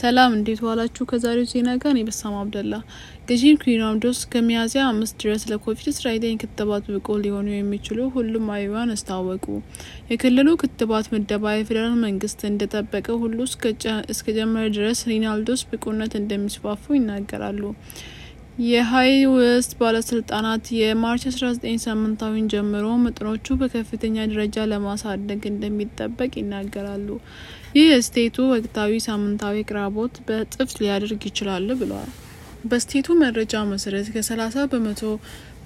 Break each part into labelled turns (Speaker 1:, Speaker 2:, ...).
Speaker 1: ሰላም እንዴት ዋላችሁ? ከዛሬው ዜና ጋር እኔ አብደላ። ገዢ ኪሮምዶስ ከሚያዝያ አምስት ድረስ ለኮቪድ አስራ ክትባት ብቁ ሊሆኑ የሚችሉ ሁሉም አይዋን አስታወቁ። የክልሉ ክትባት ምደባ የፌዴራል መንግስት እንደጠበቀ ሁሉ እስከጀመረ ድረስ ሪናልዶስ ብቁነት እንደሚስፋፉ ይናገራሉ። የሃይ ውስጥ ባለስልጣናት የማርች 19 ሳምንታዊን ጀምሮ መጠኖቹ በከፍተኛ ደረጃ ለማሳደግ እንደሚጠበቅ ይናገራሉ። ይህ ስቴቱ ወቅታዊ ሳምንታዊ አቅርቦት በእጥፍ ሊያደርግ ይችላል ብለዋል። በስቴቱ መረጃ መሰረት ከ30 በመቶ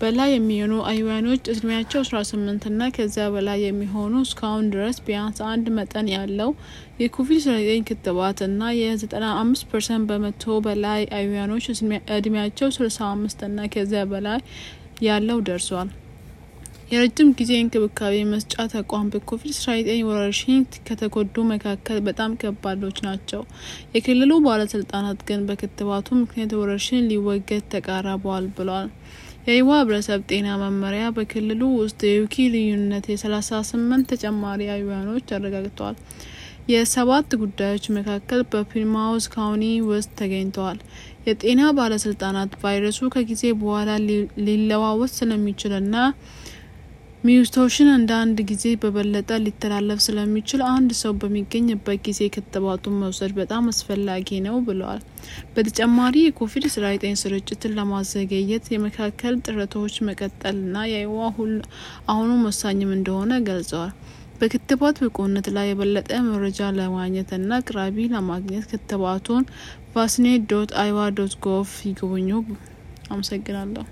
Speaker 1: በላይ የሚሆኑ አይዋኖች እድሜያቸው 18 እና ከዚያ በላይ የሚሆኑ እስካሁን ድረስ ቢያንስ አንድ መጠን ያለው የኮቪድ-19 ክትባት እና የ95 ፐርሰንት በመቶ በላይ አይዋኖች እድሜያቸው 65 እና ከዚያ በላይ ያለው ደርሷል። የረጅም ጊዜ እንክብካቤ መስጫ ተቋም በኮቪድ-19 ወረርሽኝ ከተጎዱ መካከል በጣም ከባዶች ናቸው። የክልሉ ባለስልጣናት ግን በክትባቱ ምክንያት ወረርሽኝ ሊወገድ ተቃራበዋል ብሏል። የአይዋ ህብረተሰብ ጤና መመሪያ በክልሉ ውስጥ የዩኪ ልዩነት የ38 ተጨማሪ አይዋኖች ተረጋግተዋል። የሰባት ጉዳዮች መካከል በፕሊማውዝ ካውኒ ውስጥ ተገኝተዋል። የጤና ባለስልጣናት ቫይረሱ ከጊዜ በኋላ ሊለዋወጥ ስለሚችልና ሚውስቶሽን እንደ አንድ ጊዜ በበለጠ ሊተላለፍ ስለሚችል አንድ ሰው በሚገኝበት ጊዜ ክትባቱን መውሰድ በጣም አስፈላጊ ነው ብለዋል። በተጨማሪ የኮቪድ-19 ስርጭትን ለማዘገየት የመካከል ጥረቶች መቀጠልና የአይዋ ሁሉ አሁኑም ወሳኝም እንደሆነ ገልጸዋል። በክትባት ብቁነት ላይ የበለጠ መረጃ ለማግኘትና አቅራቢ ለማግኘት ክትባቱን ቫስኔት ዶት አይዋ ዶት ጎቭ ይጎብኙ። አመሰግናለሁ።